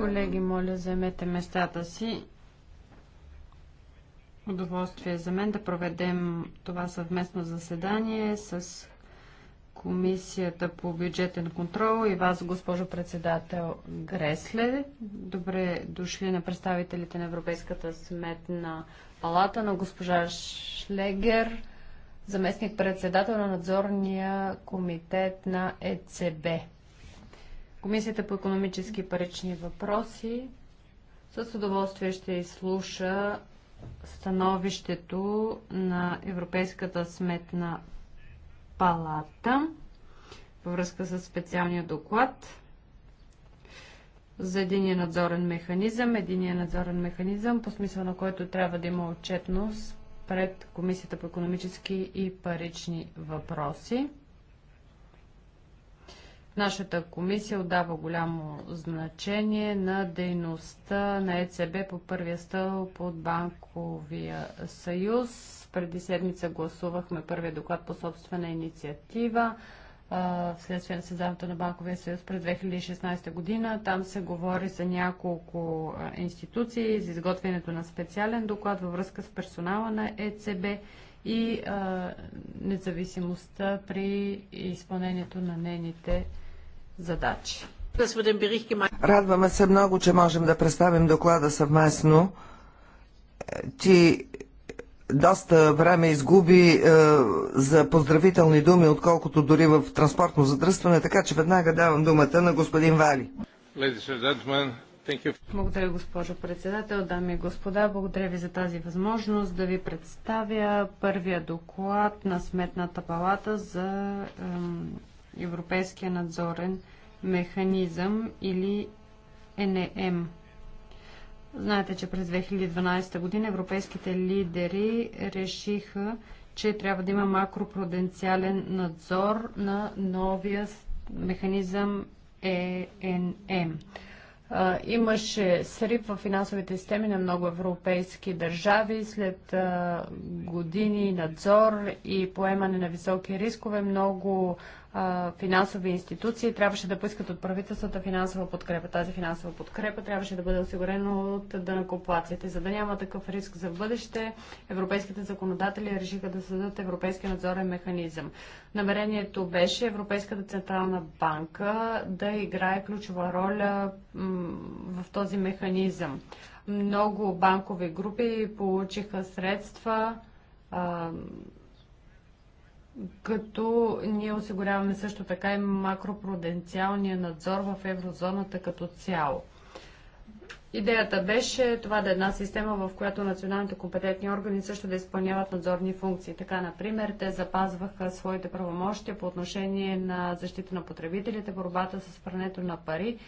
Колеги, моля, заемете местата си. Удоволствие е за мен да проведем това съвместно заседание с Комисията по бюджетен контрол и вас, госпожо председател Гресле. Добре дошли на представителите на Европейската сметна палата, на госпожа Шлегер, заместник-председател на надзорния комитет на ЕЦБ. Комисията по економически и парични въпроси с удоволствие ще изслуша становището на Европейската сметна палата във връзка с специалния доклад за единия надзорен механизъм. Единия надзорен механизъм, по смисъл на който трябва да има отчетност пред Комисията по економически и парични въпроси. Нашата комисия отдава голямо значение на дейността на ЕЦБ по първия стълб от Банковия съюз. Преди седмица гласувахме първия доклад по собствена инициатива вследствие на създаването на Банковия съюз през 2016 година. Там се говори за няколко институции, за изготвянето на специален доклад във връзка с персонала на ЕЦБ и а, независимостта при изпълнението на нейните задачи. Радваме се много, че можем да представим доклада съвместно. Е, ти доста време изгуби е, за поздравителни думи, отколкото дори в транспортно задръстване, така че веднага давам думата на господин Вали. Благодаря, госпожо председател, дами и господа. Благодаря ви за тази възможност да ви представя първия доклад на Сметната палата за е, Европейския надзорен механизъм или НЕМ. Знаете, че през 2012 година европейските лидери решиха, че трябва да има макропруденциален надзор на новия механизъм е ЕНМ. Имаше срив в финансовите системи на много европейски държави. След години надзор и поемане на високи рискове, много финансови институции трябваше да поискат от правителствата финансова подкрепа. Тази финансова подкрепа трябваше да бъде осигурена от дънакоплаците. За да няма такъв риск за бъдеще, европейските законодатели решиха да създадат европейски надзорен механизъм. Намерението беше Европейската централна банка да играе ключова роля в този механизъм. Много банкови групи получиха средства като ние осигуряваме също така и макропруденциалния надзор в еврозоната като цяло. Идеята беше това да е една система, в която националните компетентни органи също да изпълняват надзорни функции. Така, например, те запазваха своите правомощия по отношение на защита на потребителите, борбата с прането на пари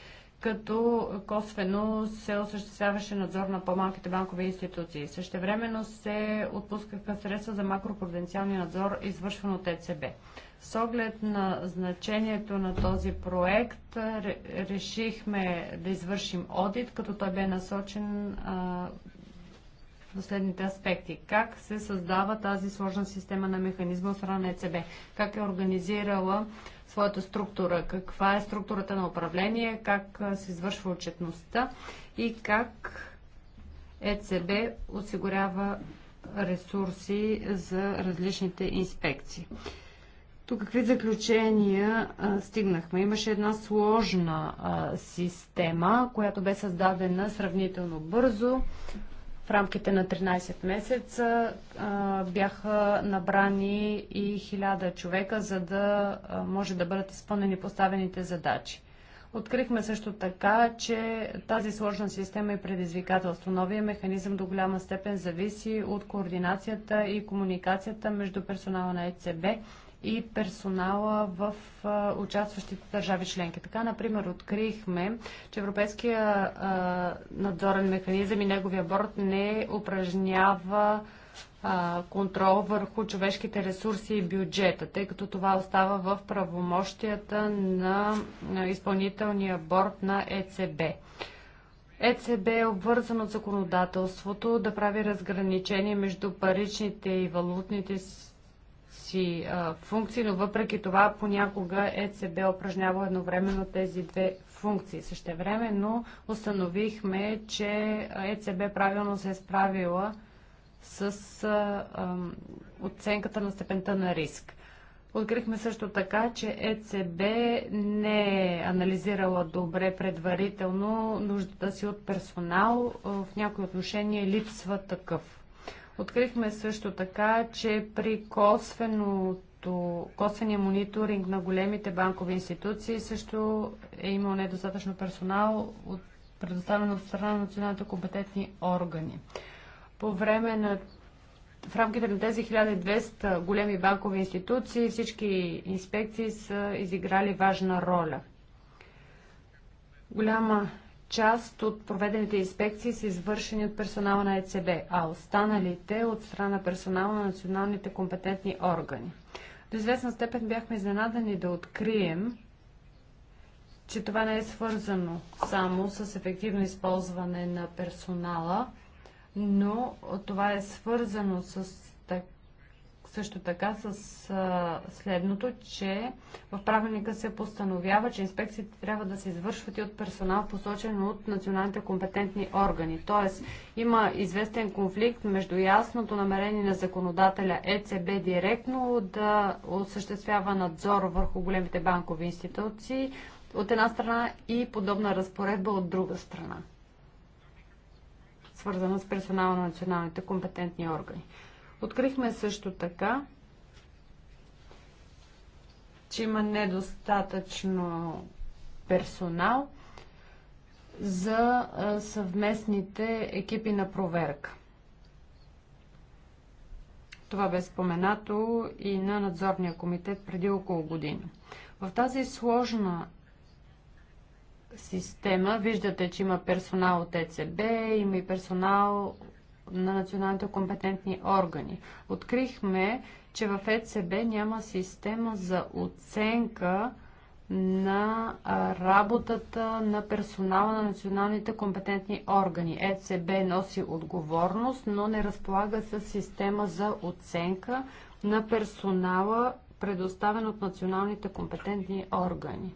като косвено се осъществяваше надзор на по-малките банкови институции. времено се отпускаха средства за макропруденциалния надзор, извършван от ЕЦБ. С оглед на значението на този проект, решихме да извършим одит, като той бе насочен до следните аспекти. Как се създава тази сложна система на механизма от страна на ЕЦБ? Как е организирала своята структура, каква е структурата на управление, как се извършва отчетността и как ЕЦБ осигурява ресурси за различните инспекции. Тук какви заключения а, стигнахме? Имаше една сложна а, система, която бе създадена сравнително бързо. В рамките на 13 месеца а, бяха набрани и 1000 човека, за да а, може да бъдат изпълнени поставените задачи. Открихме също така, че тази сложна система и предизвикателство. Новия механизъм до голяма степен зависи от координацията и комуникацията между персонала на ЕЦБ и персонала в участващите държави членки. Така, например, открихме, че Европейския надзорен механизъм и неговия борт не упражнява контрол върху човешките ресурси и бюджета, тъй като това остава в правомощията на изпълнителния борт на ЕЦБ. ЕЦБ е обвързан от законодателството да прави разграничение между паричните и валутните си а, функции, но въпреки това понякога ЕЦБ упражнява едновременно тези две функции. Същевременно установихме, че ЕЦБ правилно се е справила с а, а, оценката на степента на риск. Открихме също така, че ЕЦБ не е анализирала добре предварително нуждата си от персонал. В някои отношения липсва такъв. Открихме също така, че при косвеното, косвения мониторинг на големите банкови институции също е имал недостатъчно персонал, от, предоставен от страна на националните компетентни органи. По време на в рамките на тези 1200 големи банкови институции всички инспекции са изиграли важна роля. Голяма част от проведените инспекции са извършени от персонала на ЕЦБ, а останалите от страна персонала на националните компетентни органи. До известна степен бяхме изненадани да открием, че това не е свързано само с ефективно използване на персонала, но това е свързано с също така с а, следното, че в правилника се постановява, че инспекциите трябва да се извършват и от персонал, посочен от националните компетентни органи. Тоест, има известен конфликт между ясното намерение на законодателя ЕЦБ директно да осъществява надзор върху големите банкови институции от една страна и подобна разпоредба от друга страна свързана с персонала на националните компетентни органи. Открихме също така, че има недостатъчно персонал за съвместните екипи на проверка. Това бе споменато и на надзорния комитет преди около година. В тази сложна система виждате, че има персонал от ЕЦБ, има и персонал на националните компетентни органи. Открихме, че в ЕЦБ няма система за оценка на работата на персонала на националните компетентни органи. ЕЦБ носи отговорност, но не разполага с система за оценка на персонала, предоставен от националните компетентни органи.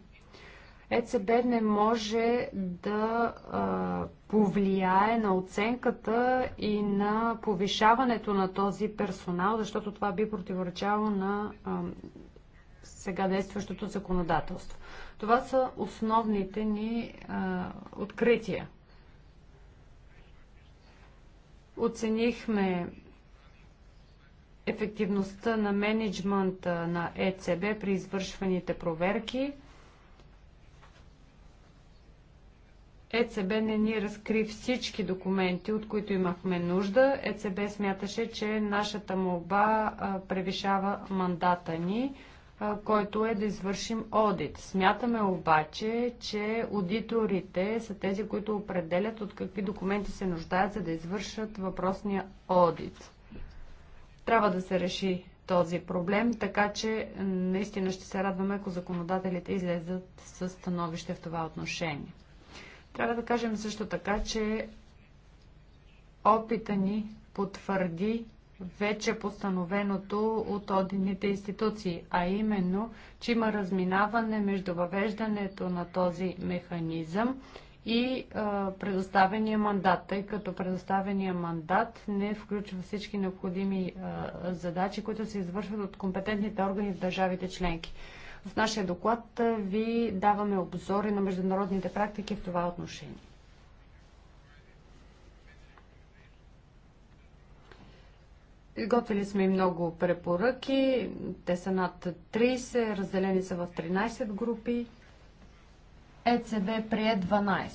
ЕЦБ не може да а, повлияе на оценката и на повишаването на този персонал, защото това би противоречало на а, сега действащото законодателство. Това са основните ни а, открития. Оценихме ефективността на менеджмента на ЕЦБ при извършваните проверки ЕЦБ не ни разкри всички документи, от които имахме нужда. ЕЦБ смяташе, че нашата молба превишава мандата ни, който е да извършим одит. Смятаме обаче, че аудиторите са тези, които определят от какви документи се нуждаят, за да извършат въпросния одит. Трябва да се реши този проблем, така че наистина ще се радваме, ако законодателите излезат с становище в това отношение. Трябва да кажем също така, че опита ни потвърди вече постановеното от одините институции, а именно, че има разминаване между въвеждането на този механизъм и а, предоставения мандат, тъй като предоставения мандат не включва всички необходими а, задачи, които се извършват от компетентните органи в държавите членки. В нашия доклад ви даваме обзори на международните практики в това отношение. Изготвили сме и много препоръки. Те са над 30, разделени са в 13 групи. ЕЦБ прие 12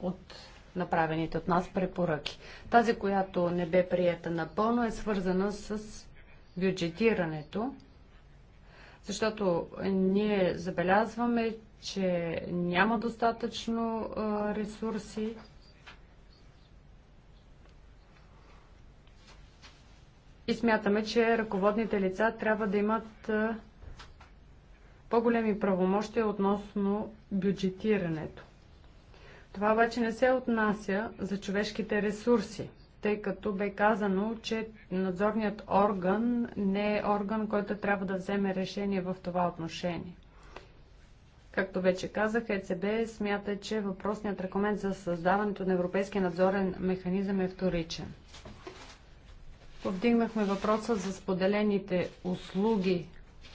от направените от нас препоръки. Тази, която не бе приета напълно, е свързана с бюджетирането защото ние забелязваме, че няма достатъчно ресурси. И смятаме, че ръководните лица трябва да имат по-големи правомощия относно бюджетирането. Това обаче не се отнася за човешките ресурси – тъй като бе казано, че надзорният орган не е орган, който трябва да вземе решение в това отношение. Както вече казах, ЕЦБ смята, че въпросният рекомент за създаването на Европейския надзорен механизъм е вторичен. Повдигнахме въпроса за споделените услуги,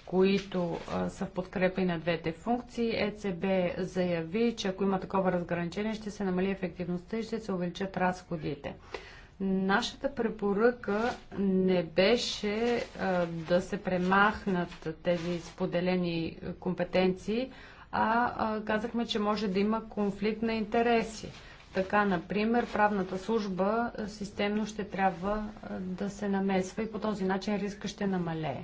които са в подкрепа и на двете функции. ЕЦБ заяви, че ако има такова разграничение, ще се намали ефективността и ще се увеличат разходите. Нашата препоръка не беше а, да се премахнат тези споделени компетенции, а, а казахме, че може да има конфликт на интереси. Така, например, правната служба системно ще трябва да се намесва и по този начин риска ще намалее.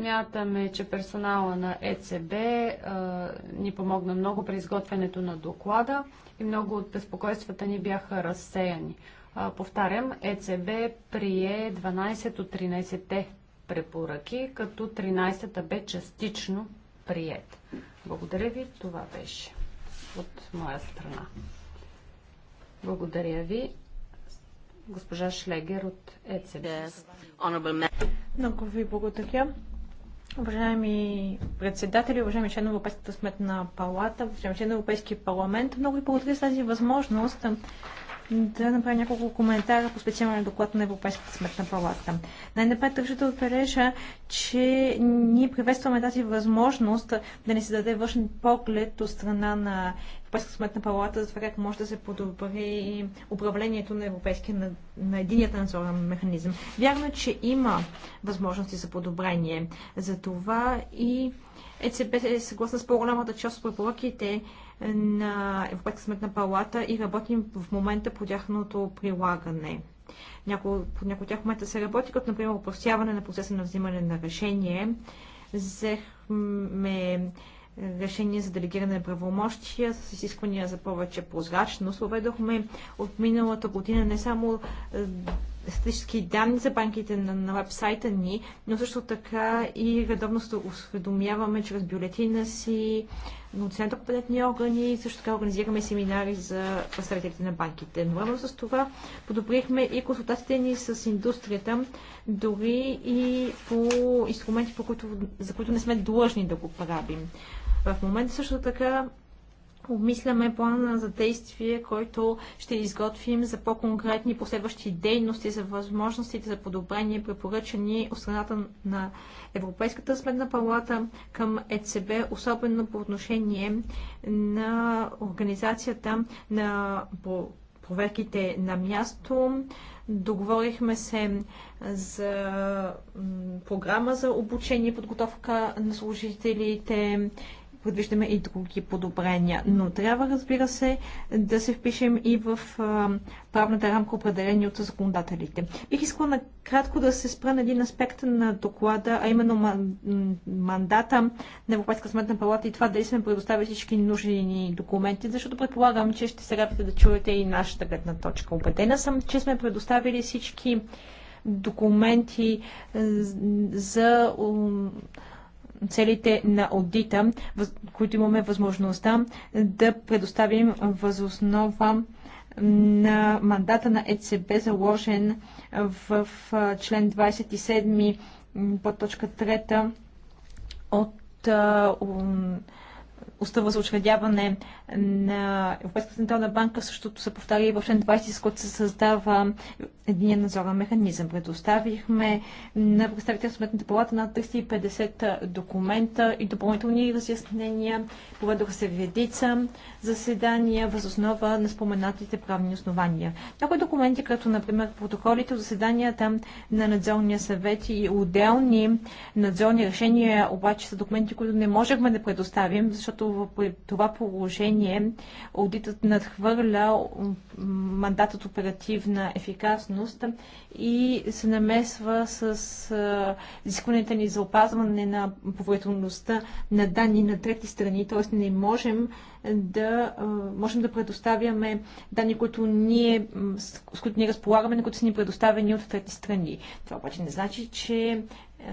Смятаме, че персонала на ЕЦБ ни помогна много при изготвянето на доклада и много от безпокойствата ни бяха разсеяни. повтарям, ЕЦБ прие 12 от 13-те препоръки, като 13-та бе частично прият. Благодаря ви, това беше от моя страна. Благодаря ви госпожа Шлегер от ЕЦБ. Много ви благодаря. Уважаеми председатели, уважаеми член на Европейската сметна палата, уважаеми член на Европейския парламент, много ви благодаря за тази възможност да направя няколко коментара по специалния доклад на Европейската сметна палата. Най-напред държа да отбележа, че ние приветстваме тази възможност да ни се даде външен поглед от страна на Европейска сметна палата за това как може да се подобри управлението на европейския, на, на единият надзорен механизъм. Вярно е, че има възможности за подобрение. За това и ЕЦБ е съгласна с по-голямата част от препоръките на Европейска сметна палата и работим в момента по тяхното прилагане. Няко, някои от тях в момента се работи, като например упростяване на процеса на взимане на решение. Взехме решение за делегиране на правомощия с изисквания за повече прозрачност. Проведохме от миналата година не само е, статистически данни за банките на, на вебсайта ни, но също така и редовно се осведомяваме чрез бюлетина си на оценка компетентни органи, също така организираме семинари за представителите на банките. Но едно с това подобрихме и консултациите ни с индустрията, дори и по инструменти, по които, за които не сме длъжни да го правим. В момента също така обмисляме плана за действие, който ще изготвим за по-конкретни последващи дейности за възможностите за подобрение, препоръчани от страната на Европейската сметна палата към ЕЦБ, особено по отношение на организацията на проверките на място. Договорихме се за програма за обучение, подготовка на служителите, предвиждаме и други подобрения. Но трябва, разбира се, да се впишем и в правната рамка, определени от законодателите. Бих искала накратко да се спра на един аспект на доклада, а именно мандата на Европейска сметна палата и това дали сме предоставили всички нужни документи, защото предполагам, че ще се радвате да чуете и нашата гледна точка. Обедена съм, че сме предоставили всички документи за целите на аудита, които имаме възможността да предоставим възоснова на мандата на ЕЦБ, заложен в член 27 по точка 3 от устава за учредяване на Европейската централна банка, същото се повтаря и в член 20, с който се създава един надзорен механизъм. Предоставихме на представител Сметната палата на 350 документа и допълнителни разяснения. Поведоха се редица заседания въз основа на споменатите правни основания. Някои документи, като например протоколите от заседанията на надзорния съвет и отделни надзорни решения, обаче са документи, които не можехме да предоставим, защото това положение аудитът надхвърля мандат от оперативна ефикасност и се намесва с изискването ни за опазване на поверителността на данни на трети страни, т.е. не можем да можем да предоставяме данни, които ние, с които ние разполагаме, на които са ни предоставени от трети страни. Това обаче не значи, че е,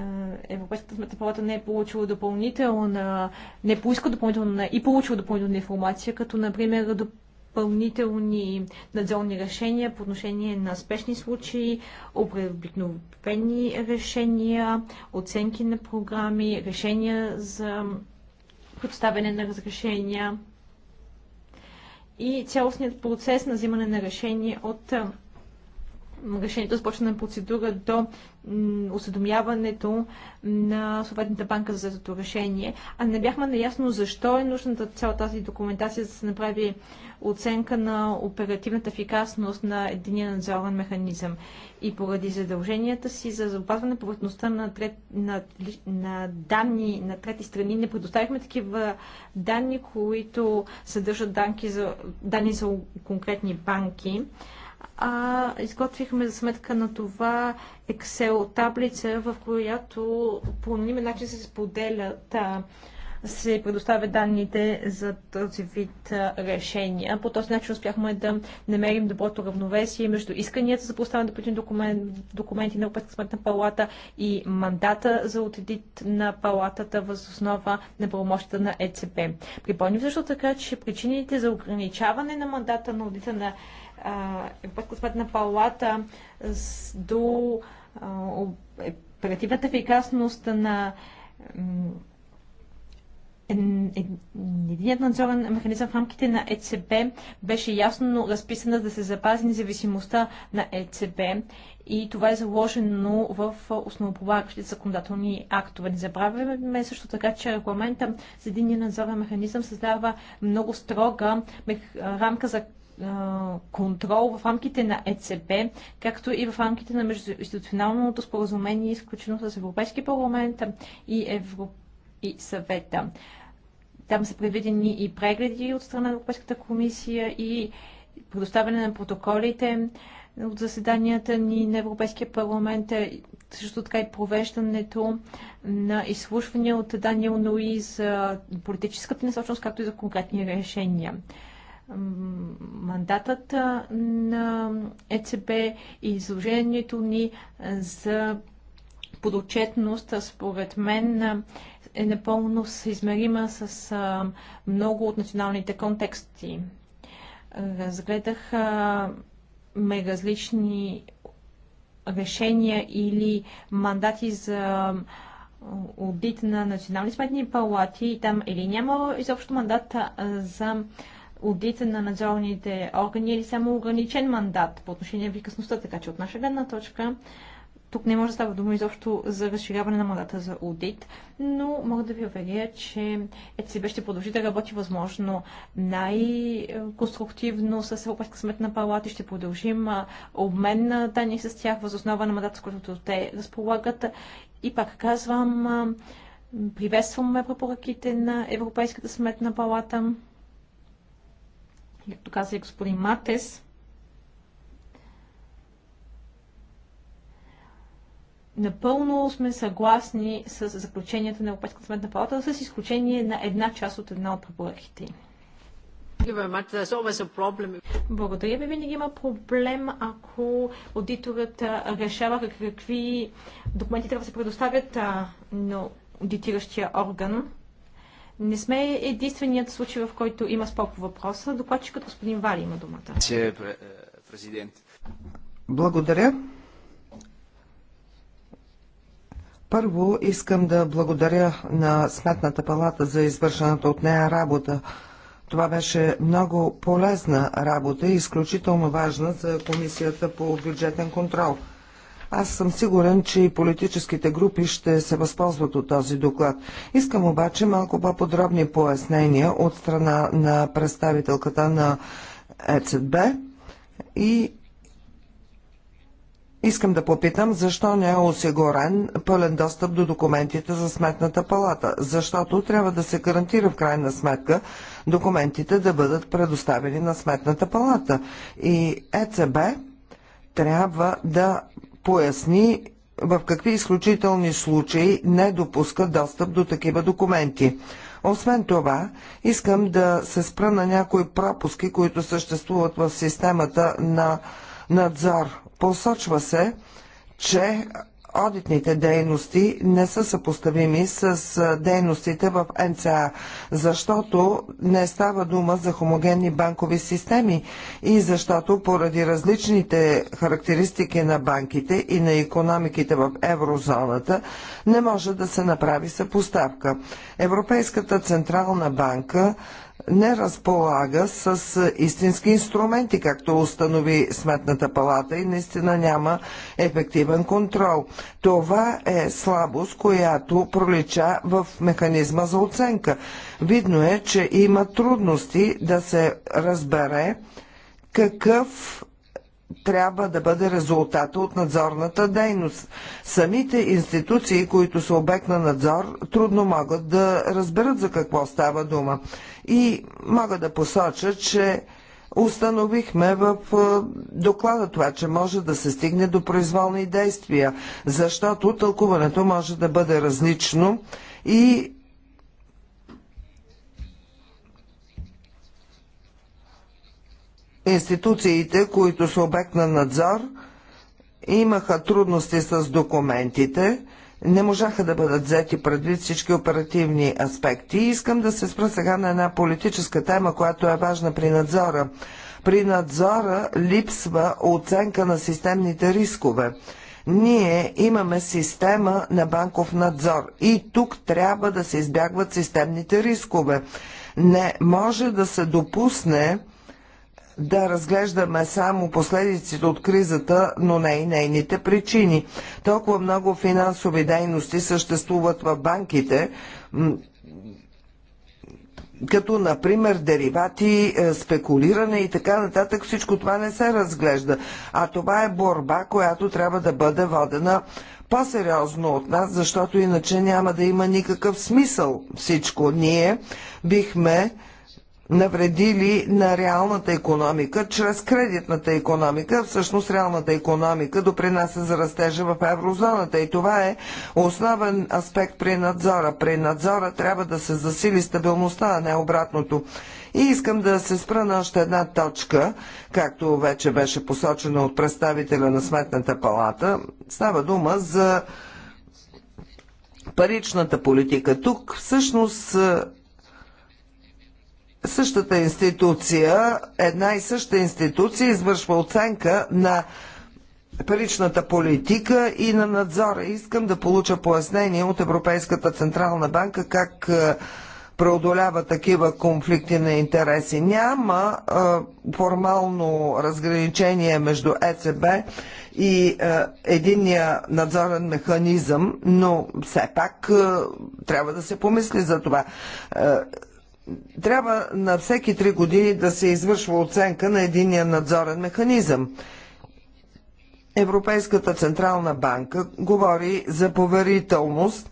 Европейската сметна палата не е получила допълнителна, не е поиска допълнителна е и получила допълнителна информация, като например допълнителни надзорни решения по отношение на спешни случаи, обикновени решения, оценки на програми, решения за представяне на разрешения и цялостният процес на взимане на решение от решението да започне процедура до осведомяването на Съветната банка за взетото решение, а не бяхме наясно защо е нужната цяла тази документация, за да се направи оценка на оперативната ефикасност на единия надзорен механизъм. И поради задълженията си за опазване повърхността на, трет, на, на данни на трети страни, не предоставихме такива данни, които съдържат данки за, данни за конкретни банки а изготвихме за сметка на това Excel таблица, в която по анонимен начин се споделят се предоставят данните за този вид решения. По този начин успяхме да намерим доброто равновесие между исканията за поставяне на документи, документи на Европейска сметна палата и мандата за отедит на палатата въз основа на правомощта на ЕЦП. Припомним също така, че причините за ограничаване на мандата на аудита на Европейска сметна палата до е, оперативната ефикасност на Единият надзорен механизъм в рамките на ЕЦБ беше ясно разписана да се запази независимостта на ЕЦБ и това е заложено в основополагащите законодателни актове. Не забравяме също така, че регламента за единият надзорен механизъм създава много строга рамка за контрол в рамките на ЕЦБ, както и в рамките на междуинституционалното споразумение, изключено с Европейски парламент и, Евро... и съвета. Там са предвидени и прегледи от страна на Европейската комисия и предоставяне на протоколите от заседанията ни на Европейския парламент, също така и провеждането на изслушвания от Даниел Нуи за политическата насочност, както и за конкретни решения мандатът на ЕЦБ и изложението ни за подотчетност, според мен, е напълно съизмерима с много от националните контексти. Разгледах ме различни решения или мандати за аудит на национални сметни палати и там или няма изобщо мандата за аудита на надзорните органи или само ограничен мандат по отношение на ефикасността, така че от наша гледна точка тук не може да става дума изобщо за разширяване на мандата за аудит, но мога да ви уверя, че ЕЦБ ще продължи да работи възможно най-конструктивно с Европейска сметна палата и ще продължим обмен на данни с тях възоснова на мандата, с който те разполагат. И пак казвам, приветстваме препоръките на Европейската сметна палата както каза и господин Матес, напълно сме съгласни с заключенията на Европейската сметна палата, с изключение на една част от една от препоръките Благодаря ви. Винаги има проблем, ако аудиторът решава какви документи трябва да се предоставят на аудитиращия орган. Не сме единственият случай, в който има спор по въпроса. Докладчикът господин Вали има думата. Благодаря. Първо искам да благодаря на Сметната палата за извършената от нея работа. Това беше много полезна работа и изключително важна за Комисията по бюджетен контрол – аз съм сигурен, че и политическите групи ще се възползват от този доклад. Искам обаче малко по-подробни пояснения от страна на представителката на ЕЦБ и Искам да попитам, защо не е осигурен пълен достъп до документите за сметната палата, защото трябва да се гарантира в крайна сметка документите да бъдат предоставени на сметната палата. И ЕЦБ трябва да поясни в какви изключителни случаи не допуска достъп до такива документи. Освен това, искам да се спра на някои пропуски, които съществуват в системата на надзор. Посочва се, че одитните дейности не са съпоставими с дейностите в НЦА, защото не става дума за хомогенни банкови системи и защото поради различните характеристики на банките и на економиките в еврозоната не може да се направи съпоставка. Европейската централна банка не разполага с истински инструменти, както установи Сметната палата и наистина няма ефективен контрол. Това е слабост, която пролича в механизма за оценка. Видно е, че има трудности да се разбере какъв трябва да бъде резултата от надзорната дейност. Самите институции, които са обект на надзор, трудно могат да разберат за какво става дума. И мога да посоча, че Установихме в доклада това, че може да се стигне до произволни действия, защото тълкуването може да бъде различно и институциите, които са обект на надзор, имаха трудности с документите, не можаха да бъдат взети предвид всички оперативни аспекти. искам да се спра сега на една политическа тема, която е важна при надзора. При надзора липсва оценка на системните рискове. Ние имаме система на банков надзор и тук трябва да се избягват системните рискове. Не може да се допусне да разглеждаме само последиците от кризата, но не и нейните причини. Толкова много финансови дейности съществуват в банките, като например деривати, е, спекулиране и така нататък, всичко това не се разглежда. А това е борба, която трябва да бъде водена по-сериозно от нас, защото иначе няма да има никакъв смисъл всичко. Ние бихме навредили на реалната економика чрез кредитната економика. Всъщност реалната економика допринася за растежа в еврозоната и това е основен аспект при надзора. При надзора трябва да се засили стабилността, а не обратното. И искам да се спра на още една точка, както вече беше посочено от представителя на Сметната палата. Става дума за паричната политика. Тук всъщност същата институция, една и съща институция извършва оценка на паричната политика и на надзора. Искам да получа пояснение от Европейската Централна банка как е, преодолява такива конфликти на интереси. Няма а, е, формално разграничение между ЕЦБ и а, е, единния надзорен механизъм, но все пак а, трябва да се помисли за това. А, трябва на всеки три години да се извършва оценка на единия надзорен механизъм. Европейската Централна банка говори за поверителност.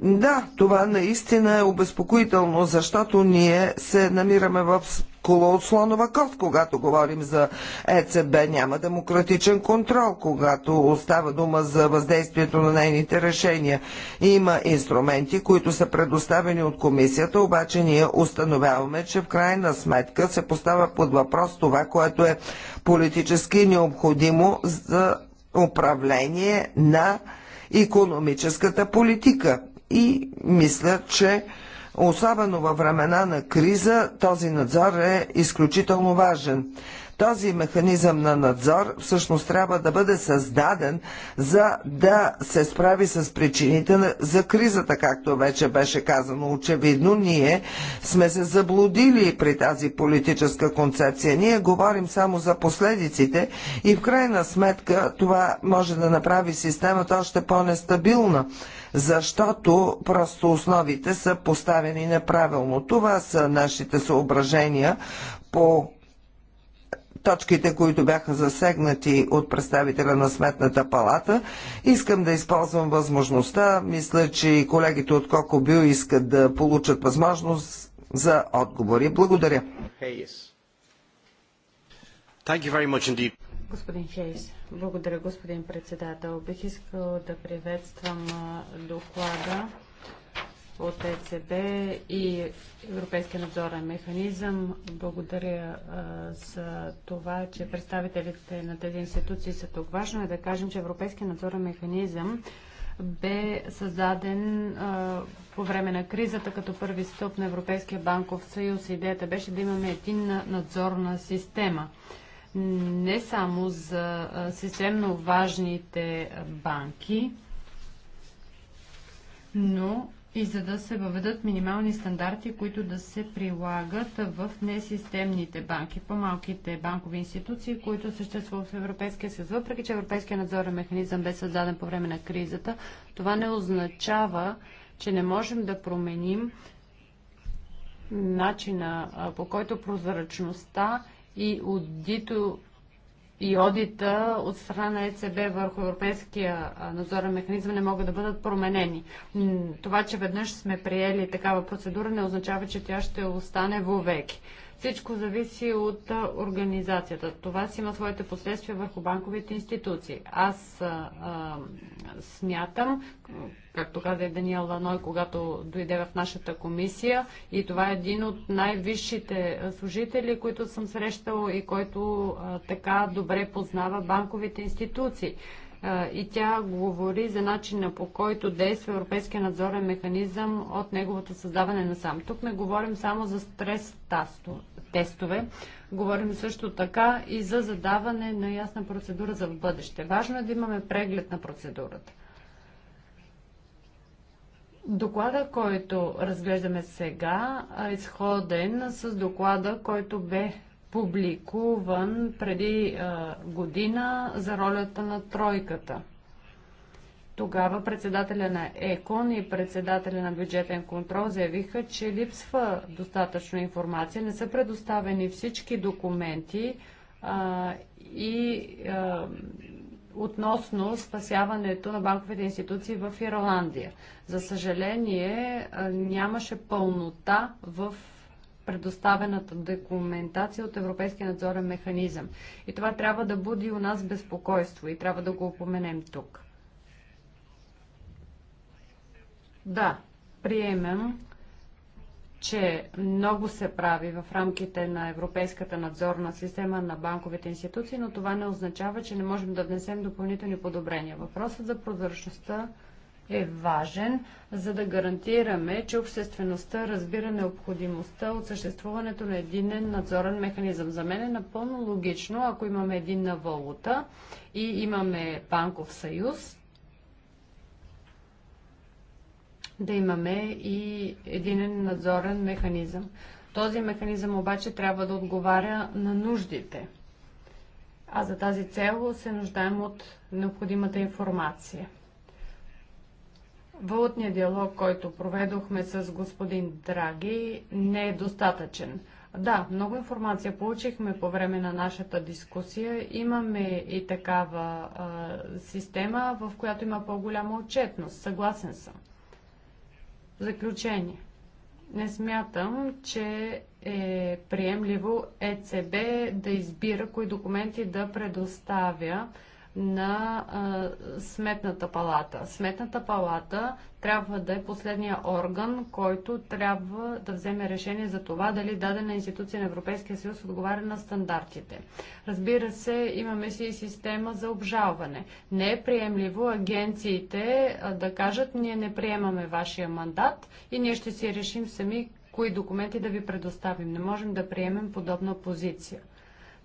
Да, това наистина е обезпокоително, защото ние се намираме в кола от слонова кост, когато говорим за ЕЦБ. Няма демократичен контрол, когато остава дума за въздействието на нейните решения. Има инструменти, които са предоставени от комисията, обаче ние установяваме, че в крайна сметка се поставя под въпрос това, което е политически необходимо за управление на економическата политика. И мисля, че Особено във времена на криза този надзор е изключително важен. Този механизъм на надзор всъщност трябва да бъде създаден, за да се справи с причините за кризата, както вече беше казано. Очевидно, ние сме се заблудили при тази политическа концепция. Ние говорим само за последиците и в крайна сметка това може да направи системата още по-нестабилна защото просто основите са поставени неправилно. Това са нашите съображения по точките, които бяха засегнати от представителя на Сметната палата. Искам да използвам възможността. Мисля, че и колегите от Коко Бил искат да получат възможност за отговори. Благодаря. Господин Хейс, благодаря, господин председател. Бих искал да приветствам доклада от ЕЦБ и Европейския надзорен механизъм. Благодаря а, за това, че представителите на тези институции са тук. Важно е да кажем, че Европейския надзорен механизъм бе създаден а, по време на кризата като първи стъп на Европейския банков съюз. Идеята беше да имаме един надзорна система не само за системно важните банки, но и за да се въведат минимални стандарти, които да се прилагат в несистемните банки, по-малките банкови институции, които съществуват в Европейския съюз. Въпреки, че Европейския надзорен механизъм бе създаден по време на кризата, това не означава, че не можем да променим начина по който прозрачността и одито и одита от страна на ЕЦБ върху европейския надзорен механизъм не могат да бъдат променени. Това, че веднъж сме приели такава процедура, не означава, че тя ще остане вовеки. Всичко зависи от организацията. Това си има своите последствия върху банковите институции. Аз а, а, смятам, както каза и Даниел Ланой, когато дойде в нашата комисия, и това е един от най-висшите служители, които съм срещал и който а, така добре познава банковите институции и тя говори за начина по който действа Европейския надзорен механизъм от неговото създаване на сам. Тук не говорим само за стрес тестове, говорим също така и за задаване на ясна процедура за в бъдеще. Важно е да имаме преглед на процедурата. Доклада, който разглеждаме сега, е сходен с доклада, който бе публикуван преди а, година за ролята на тройката. Тогава председателя на ЕКОН и председателя на бюджетен контрол заявиха, че липсва достатъчно информация, не са предоставени всички документи а, и а, относно спасяването на банковите институции в Ирландия. За съжаление, а, нямаше пълнота в предоставената документация от Европейския надзорен механизъм. И това трябва да буди у нас безпокойство и трябва да го упоменем тук. Да, приемем, че много се прави в рамките на Европейската надзорна система на банковите институции, но това не означава, че не можем да внесем допълнителни подобрения. Въпросът за прозрачността е важен, за да гарантираме, че обществеността разбира необходимостта от съществуването на единен надзорен механизъм. За мен е напълно логично, ако имаме единна валута и имаме банков съюз, да имаме и единен надзорен механизъм. Този механизъм обаче трябва да отговаря на нуждите. А за тази цел се нуждаем от необходимата информация. Валутният диалог, който проведохме с господин Драги, не е достатъчен. Да, много информация получихме по време на нашата дискусия. Имаме и такава а, система, в която има по-голяма отчетност. Съгласен съм. Заключение. Не смятам, че е приемливо ЕЦБ да избира кои документи да предоставя на а, Сметната палата. Сметната палата трябва да е последния орган, който трябва да вземе решение за това дали дадена институция на Европейския съюз отговаря на стандартите. Разбира се, имаме си и система за обжалване. Не е приемливо агенциите а, да кажат ние не приемаме вашия мандат и ние ще си решим сами кои документи да ви предоставим. Не можем да приемем подобна позиция.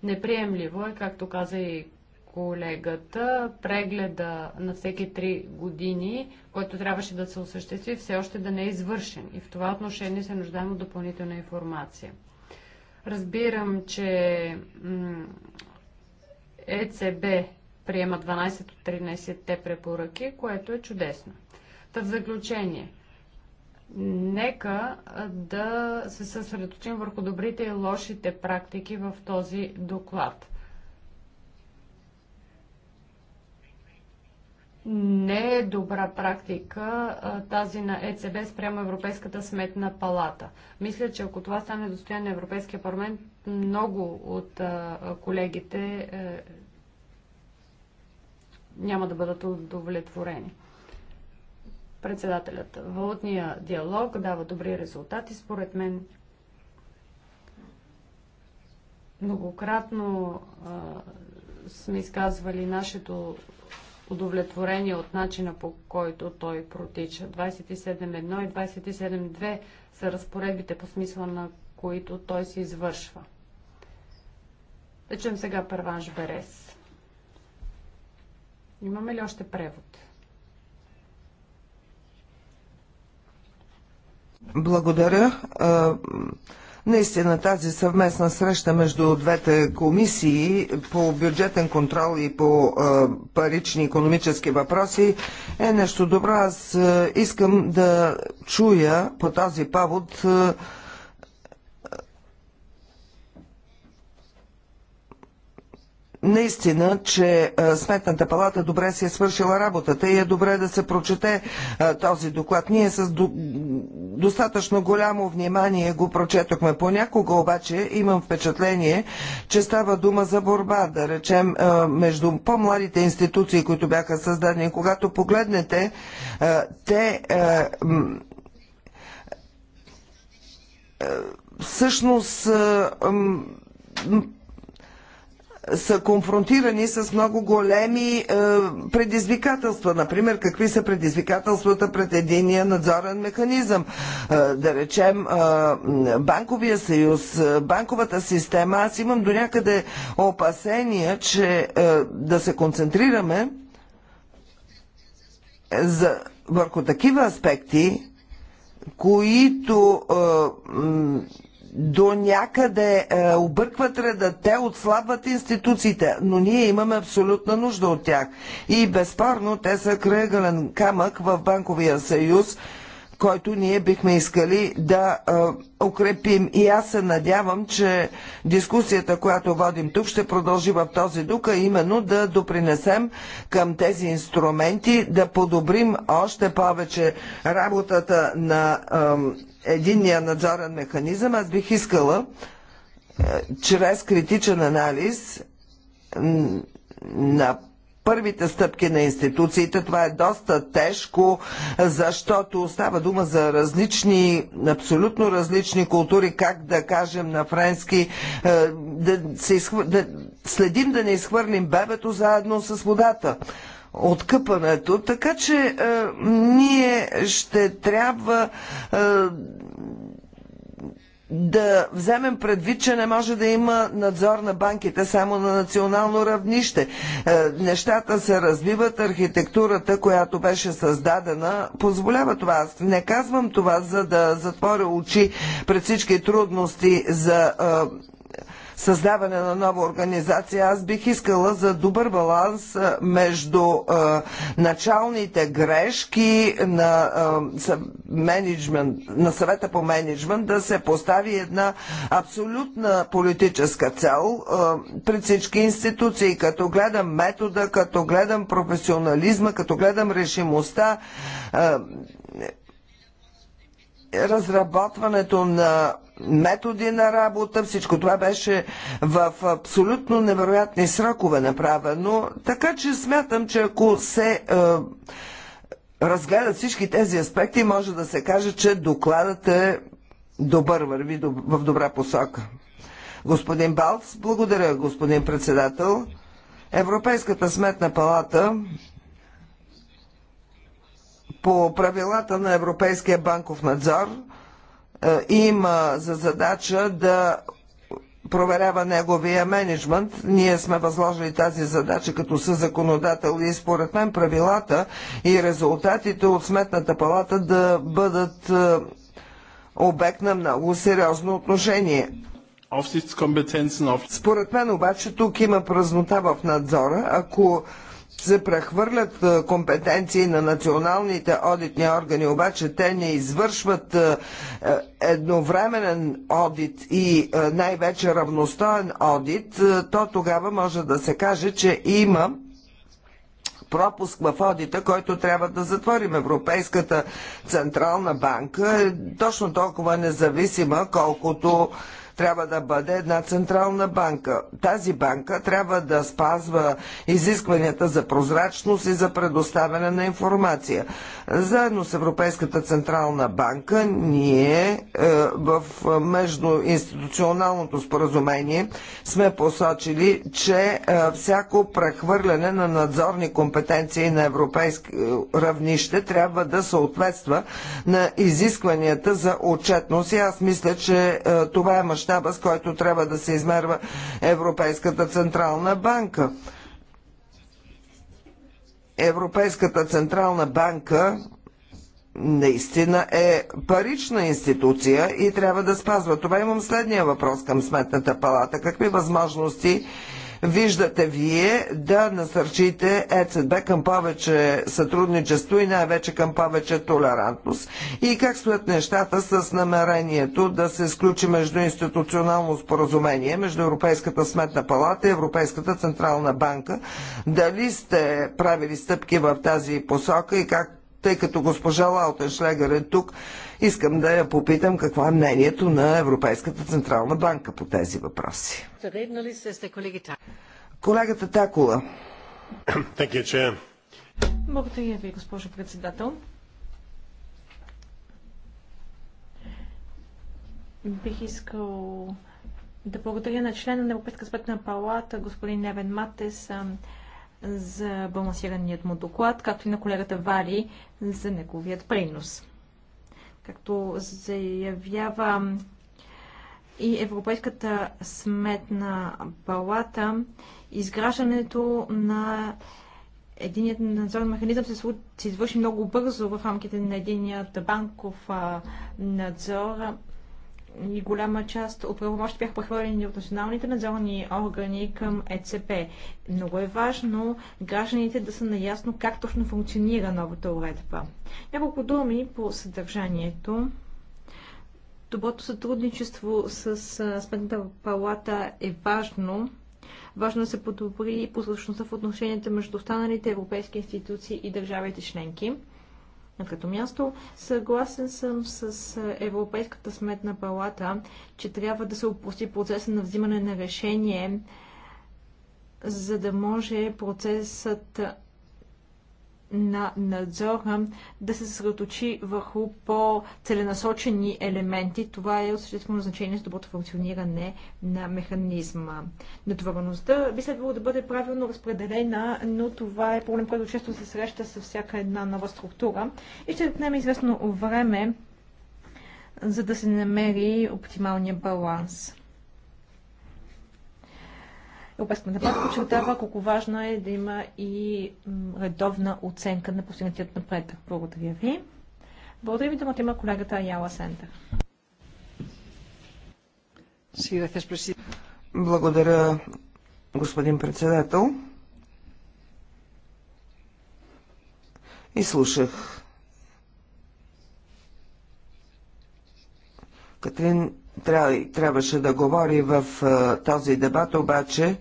Неприемливо е, както каза и колегата, прегледа на всеки три години, който трябваше да се осъществи, все още да не е извършен. И в това отношение се нуждаем от допълнителна информация. Разбирам, че ЕЦБ приема 12 от 13-те препоръки, което е чудесно. Та в заключение, нека да се съсредоточим върху добрите и лошите практики в този доклад – не е добра практика тази на ЕЦБ спрямо Европейската сметна палата. Мисля, че ако това стане достояние на Европейския парламент, много от колегите е, няма да бъдат удовлетворени. Председателят, валутния диалог дава добри резултати, според мен. Многократно сме изказвали нашето Удовлетворение от начина по който той протича. 27.1 и 27.2 са разпоредбите по смисъла на които той се извършва. Да сега Първанш Берес. Имаме ли още превод? Благодаря. Наистина тази съвместна среща между двете комисии по бюджетен контрол и по парични економически въпроси е нещо добро. Аз искам да чуя по този повод наистина, че Сметната палата добре си е свършила работата и е добре да се прочете този доклад. Ние с до... достатъчно голямо внимание го прочетохме. Понякога обаче имам впечатление, че става дума за борба, да речем, между по-младите институции, които бяха създадени. Когато погледнете, те всъщност са конфронтирани с много големи е, предизвикателства. Например, какви са предизвикателствата пред единия надзорен механизъм? Е, да речем, е, банковия съюз, е, банковата система. Аз имам до някъде опасения, че е, да се концентрираме за, върху такива аспекти, които е, до някъде е, объркват реда, те отслабват институциите, но ние имаме абсолютна нужда от тях. И безспорно те са кръгълен камък в Банковия съюз, който ние бихме искали да е, укрепим. И аз се надявам, че дискусията, която водим тук, ще продължи в този дух, а именно да допринесем към тези инструменти, да подобрим още повече работата на. Е, единния надзорен механизъм, аз бих искала е, чрез критичен анализ на първите стъпки на институциите. Това е доста тежко, защото става дума за различни, абсолютно различни култури, как да кажем на френски, е, да, се изхвър... да следим да не изхвърлим бебето заедно с водата откъпането, така че е, ние ще трябва е, да вземем предвид, че не може да има надзор на банките само на национално равнище. Е, нещата се развиват, архитектурата, която беше създадена, позволява това. Аз не казвам това, за да затворя очи пред всички трудности за е, създаване на нова организация, аз бих искала за добър баланс между началните грешки на, менеджмент, на съвета по менеджмент да се постави една абсолютна политическа цел при всички институции, като гледам метода, като гледам професионализма, като гледам решимостта разработването на методи на работа, всичко това беше в абсолютно невероятни срокове направено, така че смятам, че ако се е, разгледат всички тези аспекти, може да се каже, че докладът е добър, върви в добра посока. Господин Балц, благодаря, господин председател. Европейската сметна палата по правилата на Европейския банков надзор е, има за задача да проверява неговия менеджмент. Ние сме възложили тази задача като са законодател и според мен правилата и резултатите от Сметната палата да бъдат е, обект на много сериозно отношение. Според мен обаче тук има празнота в надзора. Ако се прехвърлят компетенции на националните одитни органи, обаче те не извършват едновременен одит и най-вече равностоен одит, то тогава може да се каже, че има пропуск в одита, който трябва да затворим. Европейската централна банка е точно толкова независима, колкото трябва да бъде една централна банка. Тази банка трябва да спазва изискванията за прозрачност и за предоставяне на информация. Заедно с Европейската централна банка ние е, в междуинституционалното споразумение сме посочили, че е, всяко прехвърляне на надзорни компетенции на европейско е, равнище трябва да съответства на изискванията за отчетност. И аз мисля, че е, това е мащаба, с който трябва да се измерва Европейската централна банка. Европейската централна банка наистина е парична институция и трябва да спазва. Това имам следния въпрос към Сметната палата. Какви възможности виждате вие да насърчите ЕЦБ към повече сътрудничество и най-вече към повече толерантност? И как стоят нещата с намерението да се сключи между институционално споразумение между Европейската сметна палата и Европейската централна банка? Дали сте правили стъпки в тази посока и как тъй като госпожа Шлегър е тук, искам да я попитам какво е мнението на Европейската Централна банка по тези въпроси. Колегата Такула. Благодаря ви, госпожо председател. Бих искал да благодаря на члена на Европейска спътна палата, господин Невен Матес, за балансираният му доклад, както и на колегата Вали за неговият принос. Както заявява и Европейската сметна палата, изграждането на единият надзорен механизъм се, се извърши много бързо в рамките на единият банков надзор и голяма част от правомощи бяха прехвърлени от националните надзорни органи към ЕЦП. Много е важно гражданите да са наясно как точно функционира новата уредба. Няколко думи по съдържанието. Доброто сътрудничество с Сметната палата е важно. Важно е да се подобри прозрачността в отношенията между останалите европейски институции и държавите членки. На като място съгласен съм с Европейската сметна палата, че трябва да се упрости процеса на взимане на решение, за да може процесът на надзора да се съсредоточи върху по-целенасочени елементи. Това е от съществено значение за доброто функциониране на механизма. Натовареността би следвало да бъде правилно разпределена, но това е проблем, който често се среща с всяка една нова структура и ще отнеме известно време, за да се намери оптималния баланс. Европейската пак подчертава колко важно е да има и редовна оценка на постигнатият напредък. Благодаря ви. Благодаря ви, думата има колегата Аяла Сентър. Благодаря, господин председател. И слушах Катрин трябваше да говори в този дебат, обаче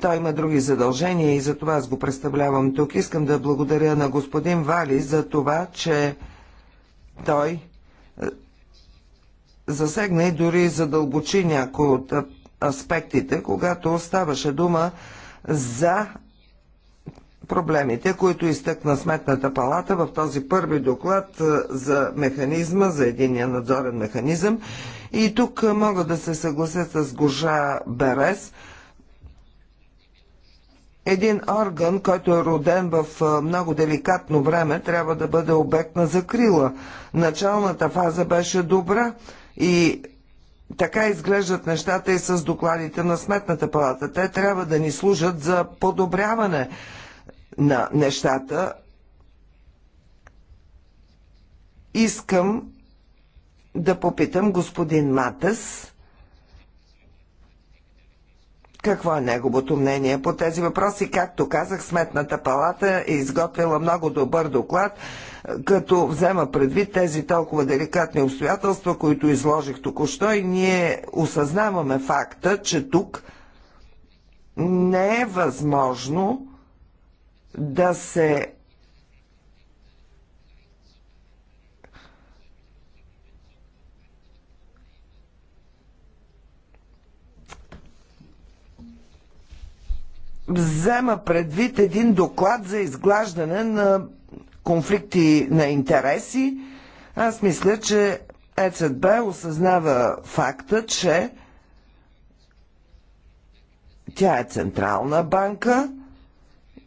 той има други задължения и за това аз го представлявам тук. Искам да благодаря на господин Вали за това, че той е, засегна и дори задълбочи някои от аспектите, когато ставаше дума за проблемите, които изтъкна Сметната палата в този първи доклад е, за механизма, за единия надзорен механизъм. И тук е, мога да се съглася с Гожа Берес – един орган, който е роден в много деликатно време, трябва да бъде обект на закрила. Началната фаза беше добра и така изглеждат нещата и с докладите на Сметната палата. Те трябва да ни служат за подобряване на нещата. Искам да попитам господин Матес какво е неговото мнение по тези въпроси? Както казах, Сметната палата е изготвила много добър доклад, като взема предвид тези толкова деликатни обстоятелства, които изложих току-що и ние осъзнаваме факта, че тук не е възможно да се взема предвид един доклад за изглаждане на конфликти на интереси. Аз мисля, че ЕЦБ осъзнава факта, че тя е централна банка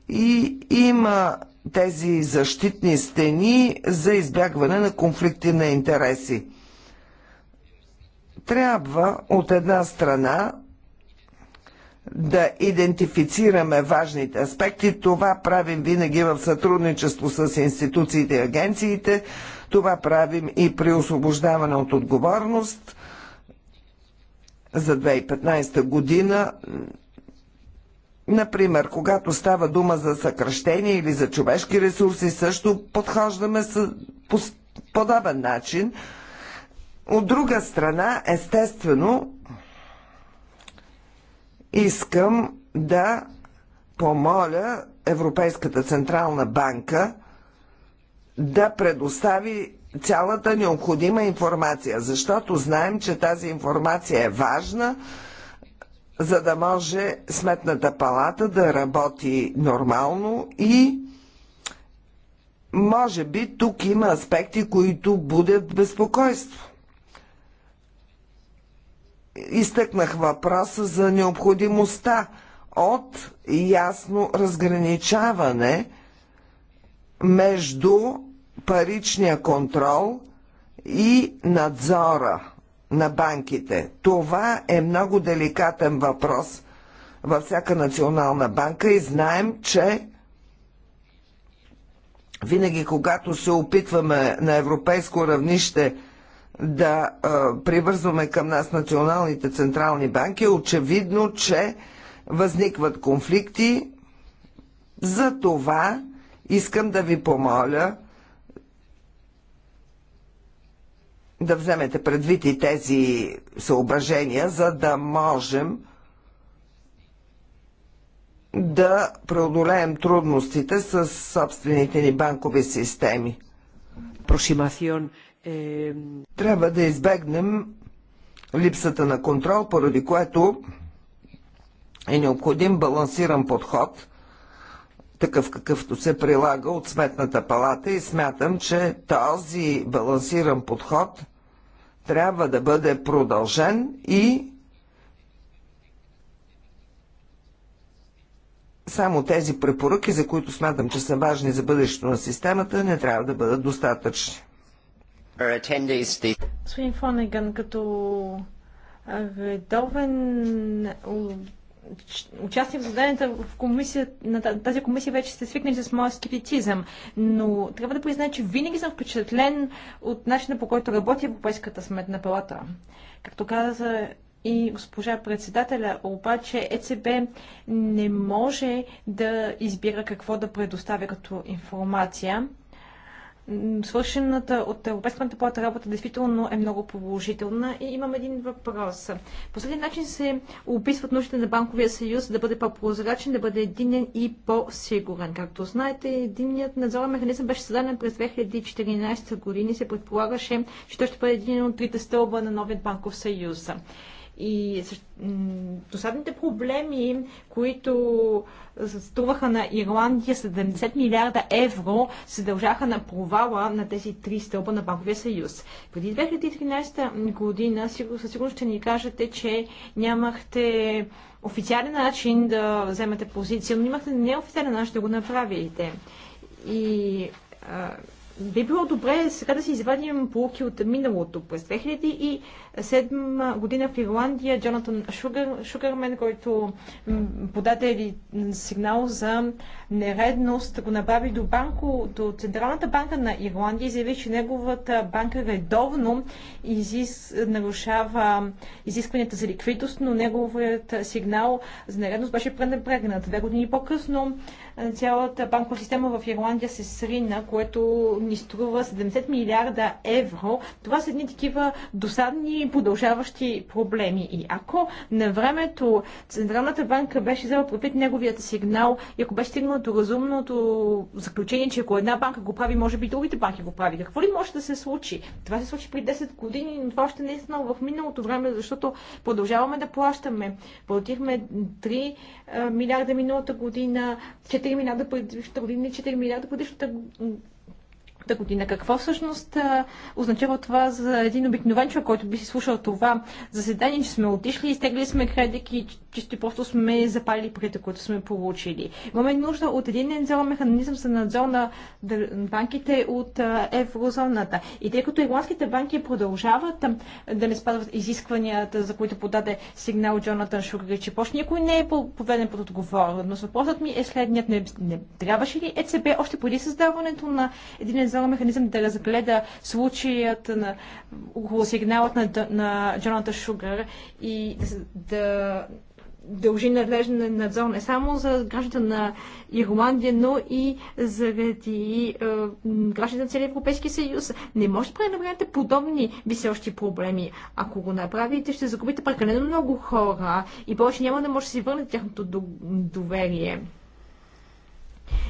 и има тези защитни стени за избягване на конфликти на интереси. Трябва от една страна да идентифицираме важните аспекти. Това правим винаги в сътрудничество с институциите и агенциите. Това правим и при освобождаване от отговорност за 2015 година. Например, когато става дума за съкръщение или за човешки ресурси, също подхождаме с, по подобен начин. От друга страна, естествено, искам да помоля Европейската централна банка да предостави цялата необходима информация, защото знаем, че тази информация е важна, за да може Сметната палата да работи нормално и може би тук има аспекти, които будят безпокойство изтъкнах въпроса за необходимостта от ясно разграничаване между паричния контрол и надзора на банките. Това е много деликатен въпрос във всяка национална банка и знаем, че винаги когато се опитваме на европейско равнище да привързваме към нас националните централни банки, е очевидно, че възникват конфликти. За това искам да ви помоля да вземете предвид и тези съображения, за да можем да преодолеем трудностите с собствените ни банкови системи. Aproximación е... Трябва да избегнем липсата на контрол, поради което е необходим балансиран подход, такъв какъвто се прилага от Сметната палата и смятам, че този балансиран подход трябва да бъде продължен и само тези препоръки, за които смятам, че са важни за бъдещето на системата, не трябва да бъдат достатъчни. Господин Фонеган, като редовен участие в заданията в комисия, на тази комисия вече сте свикнали с моят скептицизъм, но трябва да призная, че винаги съм впечатлен от начина по който работи Европейската сметна палата. Както каза и госпожа председателя, обаче ЕЦБ не може да избира какво да предоставя като информация свършената от Европейската плата работа действително е много положителна. И имам един въпрос. Последния начин се описват нуждите на банковия съюз да бъде по-прозрачен, да бъде единен и по-сигурен. Както знаете, единният надзорен механизъм беше създаден през 2014 години и се предполагаше, че той ще бъде един от трите стълба на новият банков съюз и досадните проблеми, които струваха на Ирландия 70 милиарда евро, се дължаха на провала на тези три стълба на Банковия съюз. Преди 2013 година със сигурност ще ни кажете, че нямахте официален начин да вземете позиция, но имахте неофициален начин да го направите. И би било добре сега да си извадим полуки от миналото. През 2007 година в Ирландия Джонатан Шугър, Шугърмен, който подаде сигнал за нередност, го направи до, банко, до Централната банка на Ирландия и заяви, че неговата банка редовно изис, нарушава изискванията за ликвидност, но неговият сигнал за нередност беше пренебрегнат. Две години по-късно цялата банкова система в Ирландия се срина, което ни струва 70 милиарда евро. Това са едни такива досадни и продължаващи проблеми. И ако на времето Централната банка беше взела предвид неговият сигнал и ако беше стигнала до разумното заключение, че ако една банка го прави, може би другите банки го прави. Какво ли може да се случи? Това се случи при 10 години, но това още не е станало в миналото време, защото продължаваме да плащаме. Платихме 3 милиарда миналата година, 4 милиарда, 4 милиарда годишната година. Какво всъщност означава това за един обикновен човек, който би си слушал това заседание, че сме отишли, изтегли сме кредит и чисто и просто сме запалили парите, които сме получили. Имаме нужда от един надзорен механизъм за надзор на банките от еврозоната. И тъй като ирландските банки продължават да не спазват изискванията, за които подаде сигнал Джонатан че почти никой не е поведен под отговорност. Въпросът ми е следният. Не, не трябваше ли ЕЦБ още преди създаването на един надзорен механизъм да разгледа случаят на, около сигналът на, на Джоната Шугър и да дължи надлежен надзор не само за гражданите на Ирландия, но и заради е, гражданите на целия Европейски съюз. Не може да пренебрегнете подобни висящи проблеми. Ако го направите, ще загубите прекалено много хора и повече няма да може да си върнете тяхното доверие.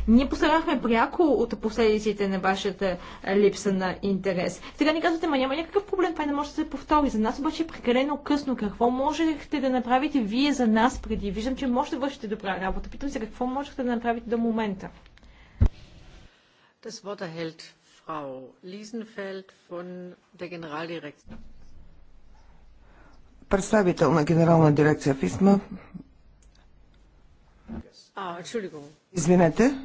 Ние пострадахме пряко от последиците на вашата липса на интерес. Сега ни казвате, ма няма някакъв проблем, това не може да се повтори. За нас обаче е прекалено късно. Какво можехте да направите вие за нас преди? Виждам, че може да вършите добра работа. Питам се, какво можехте да направите до момента? Das Wort erhält Frau Liesenfeld von der Generaldirektion. Представител на Генерална дирекция в ИСМА, а, го. Извинете,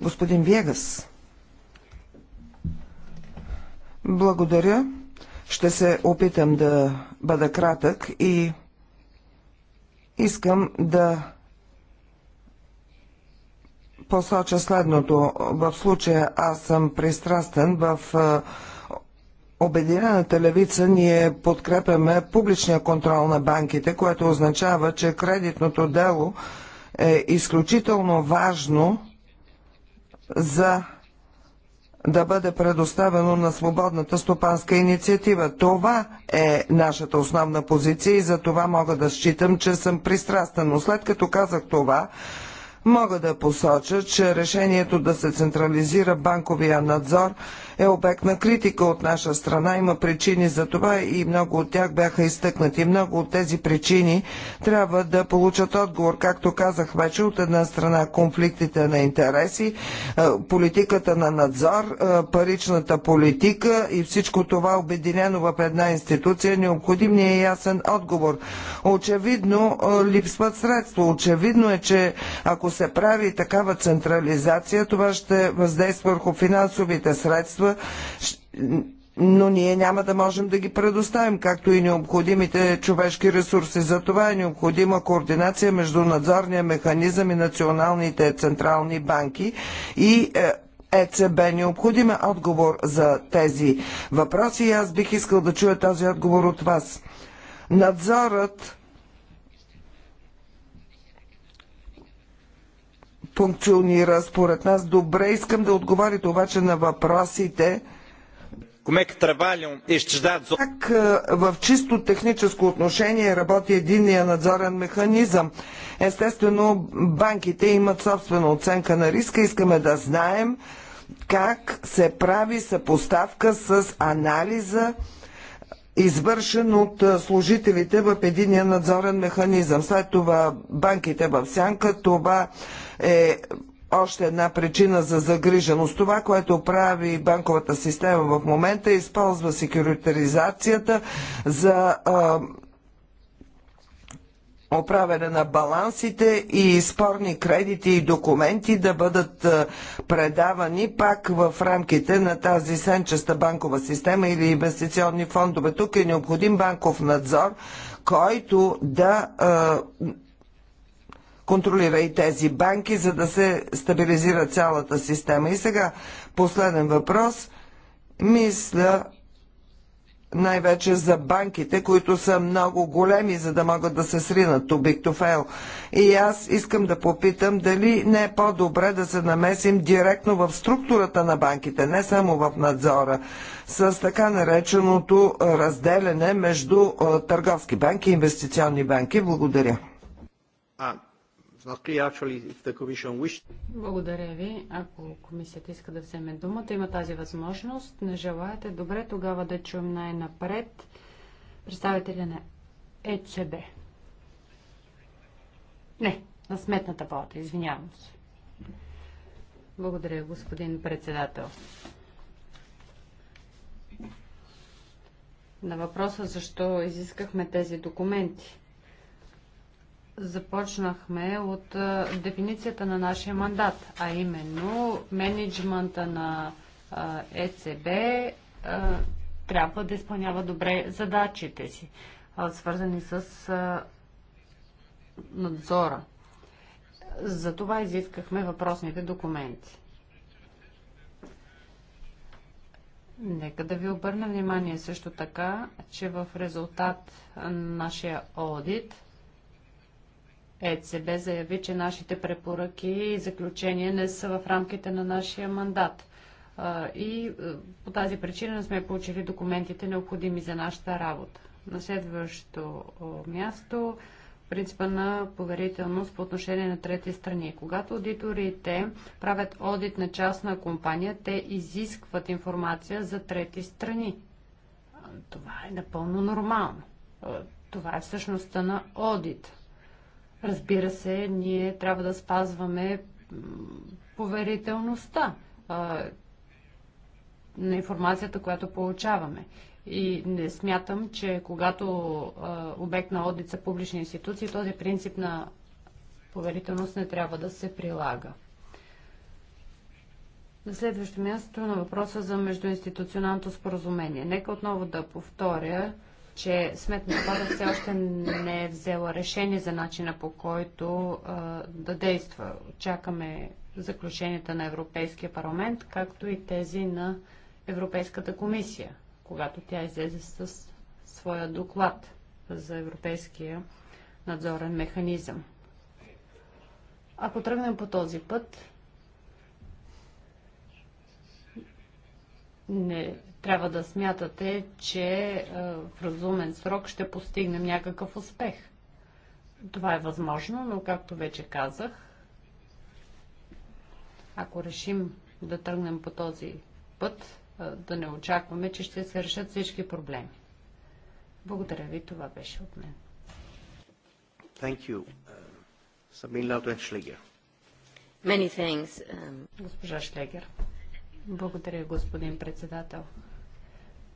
господин Вегас. Благодаря. Ще се опитам да бъда кратък и искам да посоча следното. В случая аз съм пристрастен в Обединената левица ние подкрепяме публичния контрол на банките, което означава, че кредитното дело е изключително важно за да бъде предоставено на свободната стопанска инициатива. Това е нашата основна позиция и за това мога да считам, че съм пристрастен. Но след като казах това, мога да посоча, че решението да се централизира банковия надзор е обект на критика от наша страна. Има причини за това и много от тях бяха изтъкнати. Много от тези причини трябва да получат отговор, както казах вече, от една страна конфликтите на интереси, е, политиката на надзор, е, паричната политика и всичко това обединено в една институция. Необходим ни е ясен отговор. Очевидно е, липсват средства. Очевидно е, че ако се прави такава централизация, това ще въздейства върху финансовите средства, средства, но ние няма да можем да ги предоставим, както и необходимите човешки ресурси. За това е необходима координация между надзорния механизъм и националните централни банки и ЕЦБ. Необходим е отговор за тези въпроси и аз бих искал да чуя този отговор от вас. Надзорът функционира според нас добре. Искам да отговарите обаче на въпросите. Как е, в чисто техническо отношение работи единния надзорен механизъм? Естествено, банките имат собствена оценка на риска. Искаме да знаем как се прави съпоставка с анализа извършен от е, служителите в единия надзорен механизъм. След това банките в сянка, това е още една причина за загриженост. Това, което прави банковата система в момента, използва секюритаризацията за а, оправяне на балансите и спорни кредити и документи да бъдат предавани пак в рамките на тази сенчеста банкова система или инвестиционни фондове. Тук е необходим банков надзор, който да контролира и тези банки, за да се стабилизира цялата система. И сега последен въпрос. Мисля най-вече за банките, които са много големи, за да могат да се сринат too big to fail. И аз искам да попитам дали не е по-добре да се намесим директно в структурата на банките, не само в надзора, с така нареченото разделяне между търговски банки и инвестиционни банки. Благодаря. Благодаря ви. Ако комисията иска да вземе думата, има тази възможност. Не желаете? Добре, тогава да чуем най-напред представителя на ЕЦБ. Не, на сметната палата, извинявам се. Благодаря, господин председател. На въпроса защо изискахме тези документи – започнахме от дефиницията на нашия мандат, а именно менеджмента на ЕЦБ трябва да изпълнява добре задачите си, свързани с надзора. За това изискахме въпросните документи. Нека да ви обърна внимание също така, че в резултат на нашия аудит ЕЦБ заяви, че нашите препоръки и заключения не са в рамките на нашия мандат. И по тази причина сме получили документите необходими за нашата работа. На следващото място принципа на поверителност по отношение на трети страни. Когато аудиторите правят одит на частна компания, те изискват информация за трети страни. Това е напълно нормално. Това е всъщността на одит. Разбира се, ние трябва да спазваме поверителността а, на информацията, която получаваме. И не смятам, че когато а, обект на одит са публични институции, този принцип на поверителност не трябва да се прилага. На следващо място на въпроса за междуинституционалното споразумение. Нека отново да повторя, че Сметна палата все още не е взела решение за начина по който а, да действа. Чакаме заключенията на Европейския парламент, както и тези на Европейската комисия, когато тя излезе с своя доклад за Европейския надзорен механизъм. Ако тръгнем по този път, не трябва да смятате, че в разумен срок ще постигнем някакъв успех. Това е възможно, но както вече казах, ако решим да тръгнем по този път, да не очакваме, че ще се решат всички проблеми. Благодаря ви, това беше от мен. Thank you. Сабин uh, Шлегер. Many thanks. Um, Госпожа Шлегер. Благодаря, господин председател.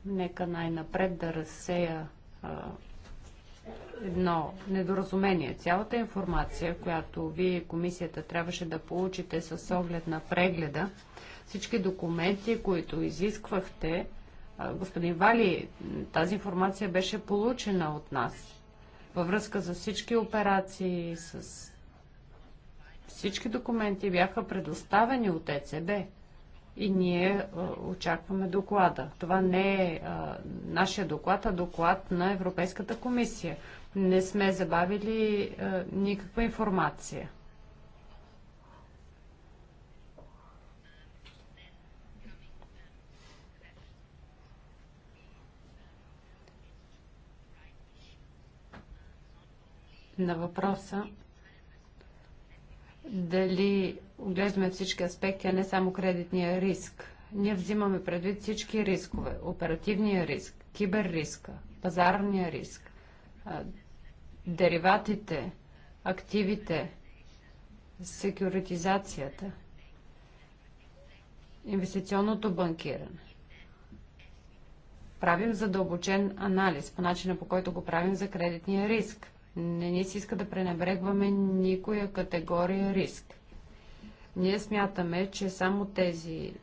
Нека най-напред да разсея а, едно недоразумение. Цялата информация, която вие комисията трябваше да получите с оглед на прегледа, всички документи, които изисквахте, а, господин Вали, тази информация беше получена от нас във връзка за всички операции, с всички документи бяха предоставени от ЕЦБ и ние е, очакваме доклада. Това не е, е нашия доклад, а доклад на Европейската комисия. Не сме забавили е, никаква информация. На въпроса дали оглеждаме всички аспекти, а не само кредитния риск. Ние взимаме предвид всички рискове. Оперативния риск, киберриска, пазарния риск, дериватите, активите, секюритизацията, инвестиционното банкиране. Правим задълбочен анализ по начина по който го правим за кредитния риск – не ни се иска да пренебрегваме никоя категория риск. Ние смятаме, че само тези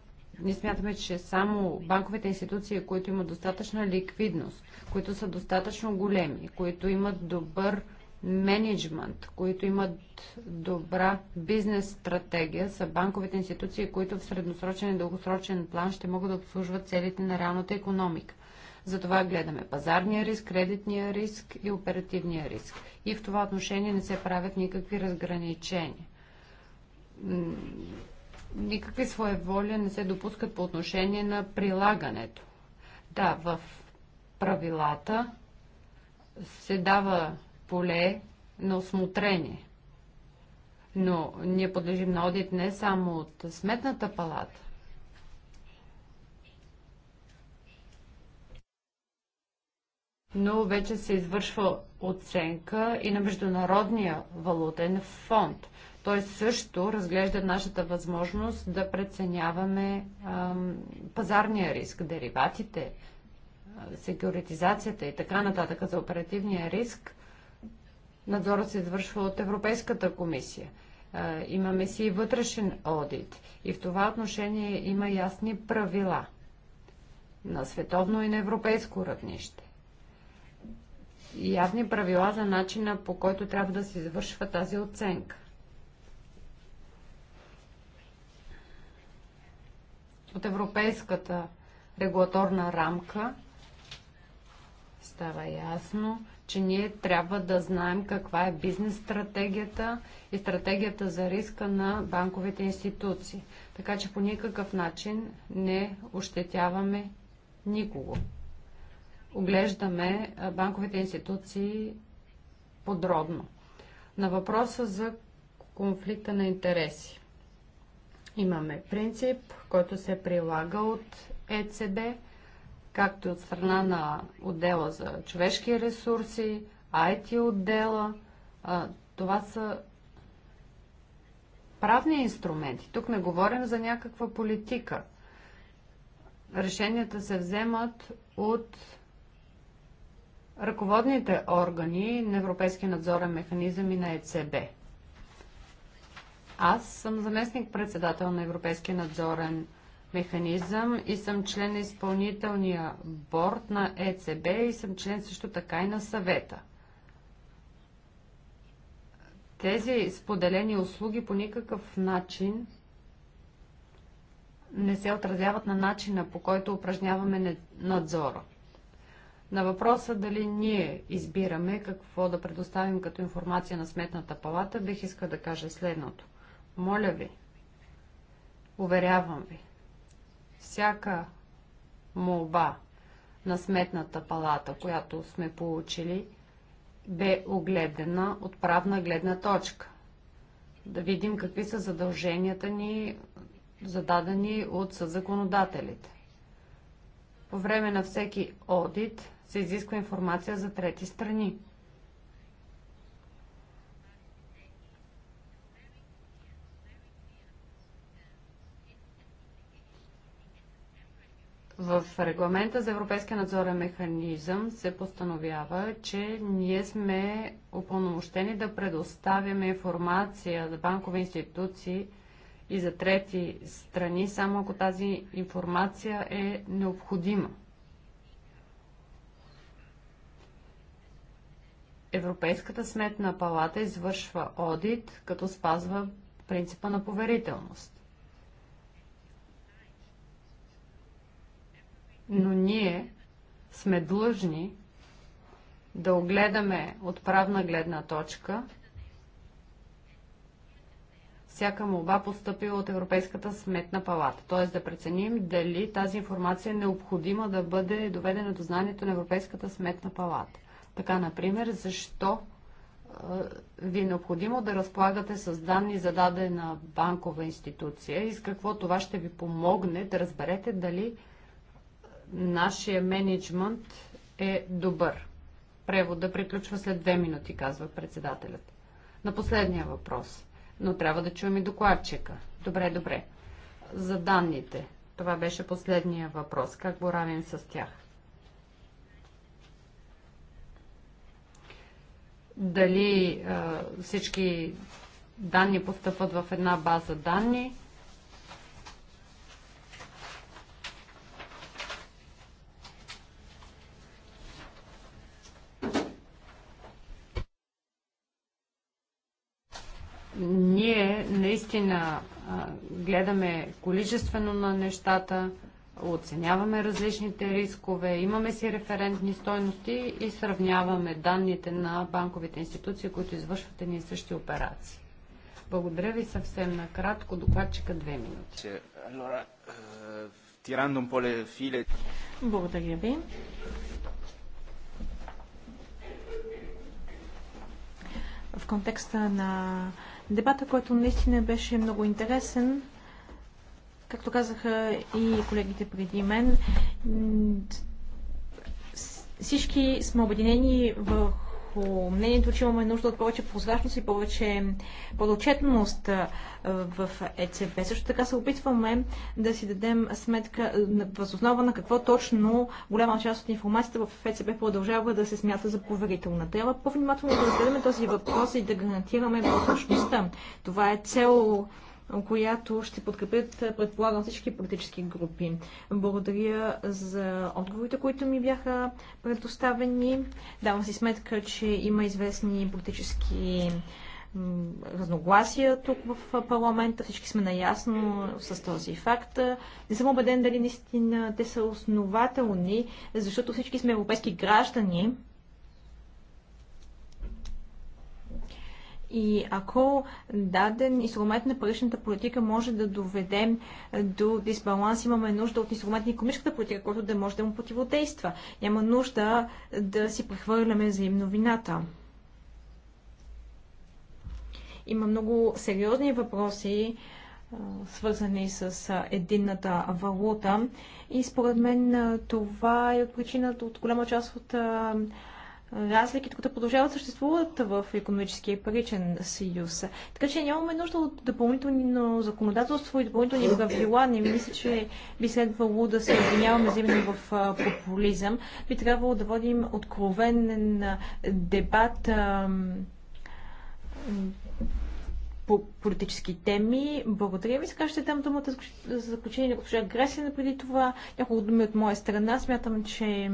ние смятаме, че само банковите институции, които имат достатъчна ликвидност, които са достатъчно големи, които имат добър менеджмент, които имат добра бизнес стратегия, са банковите институции, които в средносрочен и дългосрочен план ще могат да обслужват целите на реалната економика. Затова гледаме пазарния риск, кредитния риск и оперативния риск. И в това отношение не се правят никакви разграничения. Никакви своеволия не се допускат по отношение на прилагането. Да, в правилата се дава поле на осмотрение. Но ние подлежим на одит не само от Сметната палата, но вече се извършва оценка и на Международния валутен фонд. Той също разглежда нашата възможност да преценяваме ам, пазарния риск, дериватите, секюритизацията и така нататък за оперативния риск. Надзорът се извършва от Европейската комисия. А, имаме си и вътрешен одит. И в това отношение има ясни правила на световно и на европейско равнище. Явни правила за начина по който трябва да се извършва тази оценка. От европейската регулаторна рамка става ясно, че ние трябва да знаем каква е бизнес стратегията и стратегията за риска на банковите институции. Така че по никакъв начин не ощетяваме никого оглеждаме банковите институции подробно. На въпроса за конфликта на интереси. Имаме принцип, който се прилага от ЕЦБ, както и от страна на отдела за човешки ресурси, IT отдела. Това са правни инструменти. Тук не говорим за някаква политика. Решенията се вземат от ръководните органи на Европейския надзорен механизъм и на ЕЦБ. Аз съм заместник-председател на Европейския надзорен механизъм и съм член на изпълнителния борт на ЕЦБ и съм член също така и на съвета. Тези споделени услуги по никакъв начин не се отразяват на начина по който упражняваме надзора. На въпроса дали ние избираме какво да предоставим като информация на Сметната палата, бих иска да кажа следното. Моля ви, уверявам ви, всяка молба на Сметната палата, която сме получили, бе огледена от правна гледна точка. Да видим какви са задълженията ни, зададени от законодателите. По време на всеки одит се изисква информация за трети страни. В регламента за Европейския надзорен механизъм се постановява, че ние сме упълномощени да предоставяме информация за банкови институции и за трети страни, само ако тази информация е необходима. Европейската сметна палата извършва одит, като спазва принципа на поверителност. Но ние сме длъжни да огледаме от правна гледна точка всяка молба поступила от Европейската сметна палата. Т.е. да преценим дали тази информация е необходима да бъде доведена до знанието на Европейската сметна палата. Така, например, защо ви е необходимо да разполагате с данни за дадена банкова институция и с какво това ще ви помогне да разберете дали нашия менеджмент е добър. Превода приключва след две минути, казва председателят. На последния въпрос. Но трябва да чуем и докладчика. Добре, добре. За данните. Това беше последния въпрос. Как боравим с тях? дали а, всички данни постъпват в една база данни. Ние наистина а, гледаме количествено на нещата оценяваме различните рискове, имаме си референтни стойности и сравняваме данните на банковите институции, които извършват едни и същи операции. Благодаря ви съвсем накратко. Докладчика две минути. Е, Благодаря ви. В контекста на дебата, който наистина беше много интересен, Както казаха и колегите преди мен, всички сме обединени в мнението, че имаме нужда от повече прозрачност и повече подотчетност в ЕЦБ. Също така се опитваме да си дадем сметка възоснова на какво точно голяма част от информацията в ЕЦБ продължава да се смята за поверителна. Трябва по-внимателно да разгледаме този въпрос и да гарантираме прозрачността. Това е цел която ще подкрепят, предполагам, всички политически групи. Благодаря за отговорите, които ми бяха предоставени. Давам си сметка, че има известни политически разногласия тук в парламента. Всички сме наясно с този факт. Не съм убеден дали наистина те са основателни, защото всички сме европейски граждани И ако даден инструмент на паричната политика може да доведе е, до дисбаланс, имаме нужда от инструмент на економическата политика, който да може да му противодейства. Няма нужда да си прехвърляме взаимно вината. Има много сериозни въпроси, е, свързани с е, единната валута. И според мен това е от причината от голяма част от разликите, които продължават съществуват в економическия и паричен съюз. Така че нямаме нужда от допълнително законодателство и допълнителни правила. Не мисля, че би следвало да се обвиняваме взаимно в популизъм. Би трябвало да водим откровенен дебат по политически теми. Благодаря ви. Сега ще дам думата за заключение на госпожа Гресина. Преди това няколко думи от моя страна. Смятам, че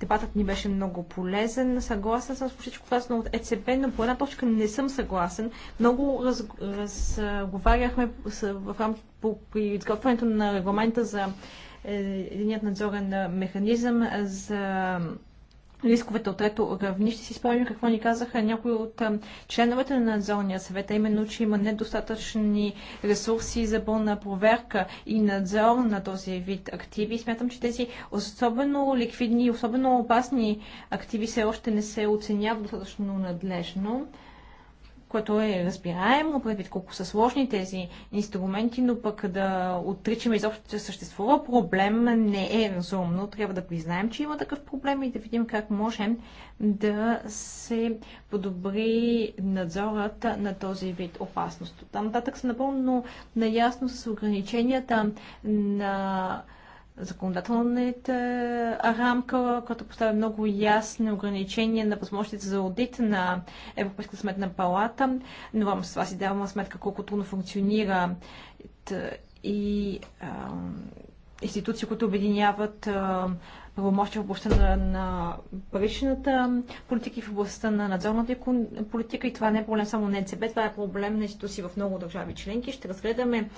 дебатът ни беше много полезен. Съгласен съм с всичко казано от ЕЦБ, но по една точка не съм съгласен. Много раз, разговаряхме в рамките при изготвянето на регламента за е, единият надзорен механизъм за рисковете от трето равнище. Си спомням какво ни казаха някои от членовете на надзорния съвет, а именно, че има недостатъчни ресурси за пълна проверка и надзор на този вид активи. Смятам, че тези особено ликвидни и особено опасни активи все още не се оценяват достатъчно надлежно което е разбираемо, предвид колко са сложни тези инструменти, но пък да отричаме изобщо, че съществува проблем не е разумно. Трябва да признаем, че има такъв проблем и да видим как можем да се подобри надзорът на този вид опасност. Там нататък са напълно наясно с ограниченията на законодателната рамка, която поставя много ясни ограничения на възможностите за аудит на Европейската сметна палата, но с това си давам сметка колко трудно функционира и а, институции, които обединяват а, правомощи в областта на, на паричната политика и в областта на надзорната политика. И това не е проблем само на НЦБ, това е проблем на институции в много държави членки. Ще разгледаме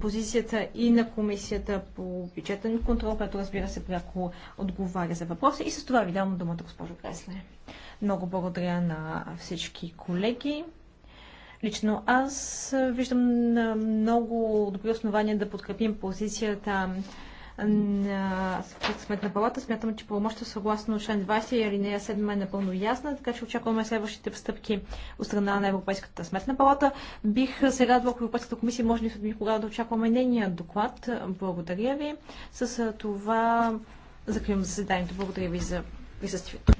позицията и на комисията по бюджетен контрол, която разбира се пряко отговаря за въпроса. И с това ви давам думата, госпожо Кресле. Много благодаря на всички колеги. Лично аз виждам много добри основания да подкрепим позицията Сметна палата. Смятам, че правомощта съгласно член 20 и алинея 7 е напълно ясна, така че очакваме следващите встъпки от страна на Европейската Сметна палата. Бих се радвал, ако Европейската комисия може ли да кога да очакваме нейния доклад. Благодаря ви. С това закривам заседанието. Благодаря ви за присъствието.